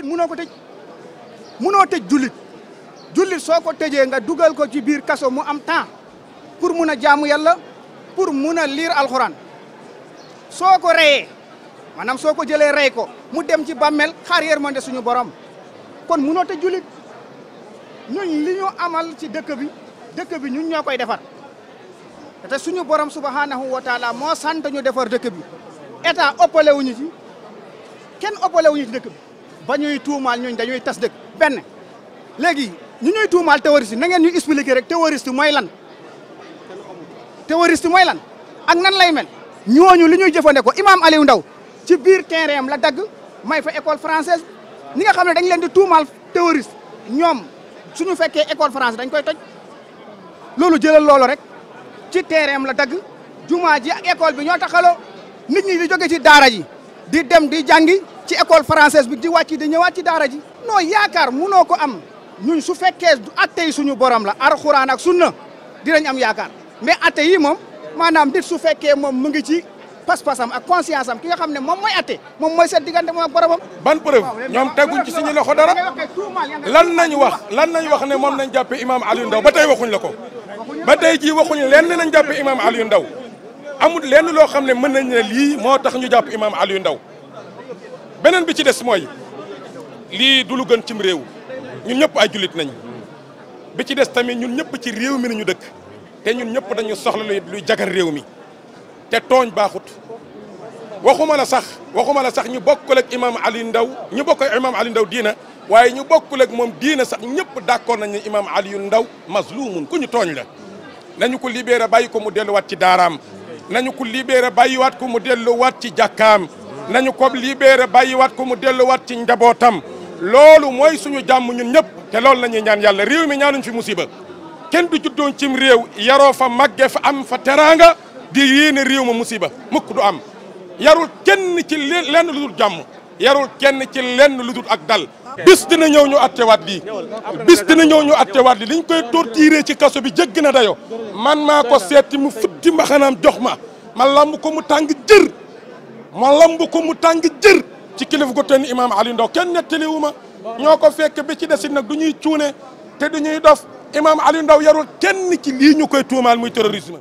jullit munoo ko tëj munoo tëj julit julit soo ko tëjee nga dugal ko ci biir kaso mu am temps pour mun a jaamu yàlla pour mun a liir alxuraan soo ko reyee maanaam soo ko jëlee rey ko mu dem ci bàmmeel xaar yërmande suñu borom kon munoo tëj julit ñun li ñu amal ci dëkk bi dëkk bi ñun ñoo koy defar te suñu borom subhanahu wa taala moo sant ñu defar dëkk bi état ëppale wuñu ci kenn ëppale wuñu ci dëkk ba ñuy tuumaal ñooñu dañuy tass dëkk ben léegi ñu ñuy tuumal terroriste na ngeen ñu expliquer rek terroriste moy lan terroriste moy lan ak nan lay mel ñooñu li ñuy jëfandikoo imam Aliou Ndaw ci biir terrain la dag may fa école française ni nga xamne dañ leen di tuumal terroriste ñom suñu fekke école française dañ koy toj lolu jëlal lolu rek ci terrain la dag juma ji ak école bi ñoo taxalo nit ñi di joge ci daara ji di dem di jàngi ci école française bi di wàcc di ñëwaat ci daara ji non yaakaar munoo ko am ñun su fekkee atte yi suñu borom la alxuraan ak na dinañ am yaakaar mais atte yi moom maanaam nit su fekkee moom mu ngi ci pas-pasam ak conscience am ki xam ne moom mooy atte moom mooy seen diggante moom ak boromam. ban preuve ñoom teguñ ci suñu loxo dara lan nañ wax lan nañ wax ne moom nañ jàppee imaam Aliou Ndao ba tey waxuñ la ko ba tey jii waxuñ lenn nañ jàppee imaam Aliou Ndao amul lenn loo xam ne mën nañ ne lii moo tax ñu jàpp imaam Aliou ndaw beneen bi ci des mooy lii du gën cim réew ñun ñëpp ay jullit nañ bi ci des tamit ñun ñëpp ci réew mi nañu dëkk te ñun ñëpp dañu soxla luy jagal réew mi te tooñ baaxut waxuma la sax waxuma la sax ñu bokkul ak imaam Ali Ndaw ñu bokkul ak imaam Ali Ndaw diina waaye ñu bokkul ak moom diina sax ñëpp d'accord nañ ne imaam Aliyu Ndaw mazlumun ku ñu tooñ la nañu ko libéré bàyyi ko mu delluwaat ci daaraam nañu ko libéré bàyyiwaat ko mu delluwaat ci jàkkaam nañu ko libéré bàyyiwaat ko mu delluwaat ci njabootam loolu mooy suñu jàmm ñun ñëpp te loolu la ñaan yàlla réew mi ñaanuñ fi musiba kenn du juddoon cim réew yaroo fa màgge fa am fa teraanga di yéene réew ma musiba mukk du am yarul kenn ci lenn lu dul jàmm yarul kenn ci lenn lu dul ak dal bis dina ñëw ñu attewaat lii bis dina ñëw ñu attewaat lii liñ koy torturé ci kaso bi jégg na dayo man maa ko seeti mu futti mbaxanaam jox ma ma lamb ko mu tàng jër ma lamb ko mu tàng jër ci kilifa gu teen imaam Ali Ndaw kenn nettaliwu ma ñoo ko fekk bi ci desit nag du ñuy cuune te du ñuy dof imaam Ali Ndaw yarul kenn ci lii ñu koy tuumaal muy terrorisme